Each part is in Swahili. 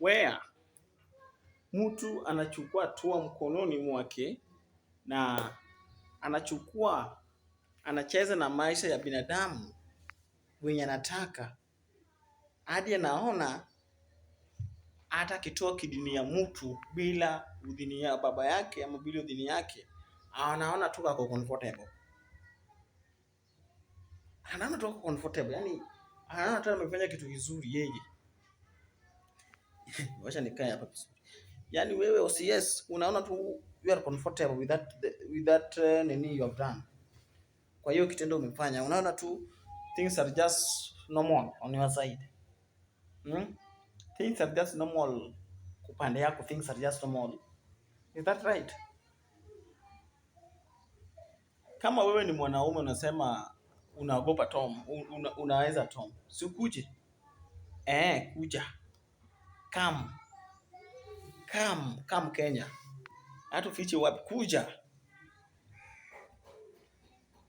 where mtu anachukua tua mkononi mwake na anachukua anacheza na maisha ya binadamu wenye anataka hadi anaona hata akitoa kidini ya mtu bila udhini ya baba yake ama bila udhini yake, anaona tu kako comfortable, anaona tu ako comfortable, yani anaona tu amefanya kitu kizuri yeye. wacha nikae hapa vizuri. Yani wewe OCS unaona tu you are comfortable with that with that uh, nini you have done. Kwa hiyo kitendo umefanya, unaona tu things are just normal on your side. Hmm? Things are just normal upande yako, things are just normal. Is that right? Kama wewe ni mwanaume unasema unaogopa Tom, unaweza Tom, si ukuje eh, kuja Come. Come, come Kenya. Hatufichi wapi kuja.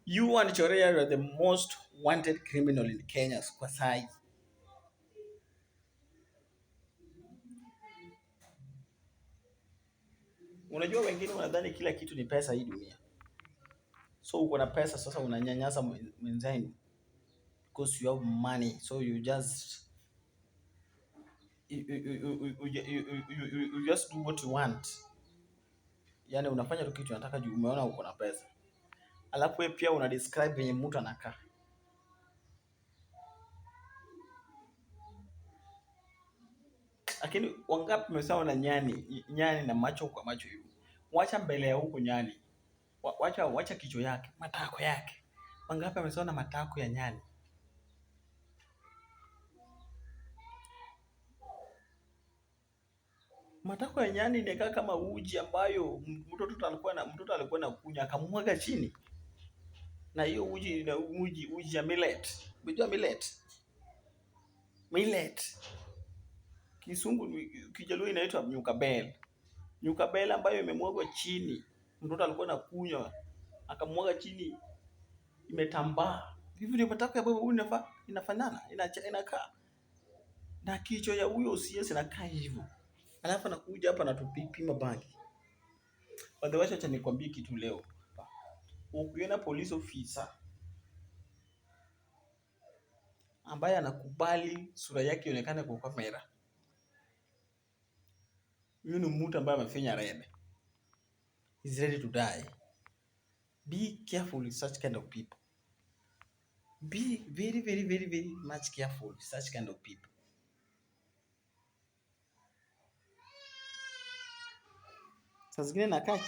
You and Chorea are the most wanted criminal in Kenya kwa sai. Unajua wengine wanadhani kila kitu ni pesa hii dunia. So uko na pesa sasa unanyanyasa mwenzani because you have money so you just you, you, you, you, you, you, you just do what you want. Yani unafanya tu kitu unataka juu umeona uko na pesa, alafu wewe pia una describe venye mtu anakaa. Lakini wangapi umesawa na nyani nyani na macho kwa macho hivi. wacha mbele ya huko nyani, wacha wacha kichwa yake, matako yake. Wangapi amesawa na matako ya nyani? matako ya nyani inakaa kama uji ambayo mtoto alikuwa na mtoto alikuwa na kunya akamwaga chini, na hiyo uji na uji uji ya millet. Unajua millet, millet kisungu kijaluo inaitwa nyukabel, nyukabel ambayo imemwagwa chini, mtoto alikuwa na kunywa akamwaga chini, imetambaa hivi. Ndio matako ya baba huyu inafanana, inakaa na kichwa ya huyo CS inakaa hivyo. Alafu anakuja hapa anatupima bangi. By the way, acha nikwambie kitu leo. Ukiona police officer ambaye anakubali sura yake ionekane kwa kamera, huyu ni mtu ambaye amefanya rebe. He's ready to die. Be careful with such kind of people. Be very, very, very, very much careful with such kind of people. Saa zingine nakaa